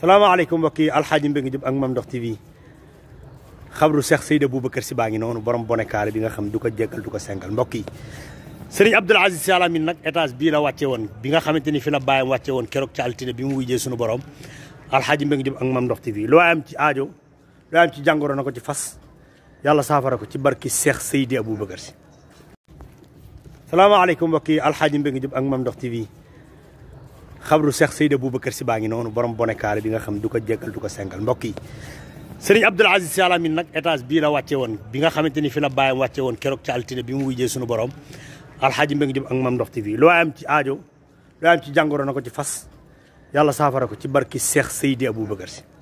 salaamaaleykum mbokk yi alxaaji Mbengue Diop ak Mame Ndokh TV xabru Cheikh Seydi Aboubacar Sy baa ngi noonu borom bonekaale bi nga xam du ko jéggal du ko sengal mbokk yi sëriñ Abdoul Aziz Sy Al nag étage bii la wàcce woon bi nga xamante ni fi la bàyyam wàcce woon keroog ci altine bi mu wujjee borom alxaaji Mbengue Diop ak Mame Ndokh TV loo am ci aajo loo am ci jàngoro na ko ci fas yàlla saafara ko ci barki Cheikh Seydi Aboubacar Sy salaamaaleykum mbokk yi alxaaji Mbengue Diop ak Mame Ndokh TV xabru Cheikh Seydi Aboubacar Sy baa ngi noonu borom bonekaare bi nga xam du ko jéggal du ko sengal mbokk yi sëriñ Abdoul Aziz Sy Al Amine nag étage bii la wàcce woon bi nga xamante ni fi la bàyyam wàcce woon keroog ci altine bi mu wujjee suñu borom alxaaji Mbengue Diop ak Mame Ndokh TV loo am ci aajo loo am ci jàngoro na ko ci fas yàlla saafara ko ci barki Cheikh Seydi Aboubacar si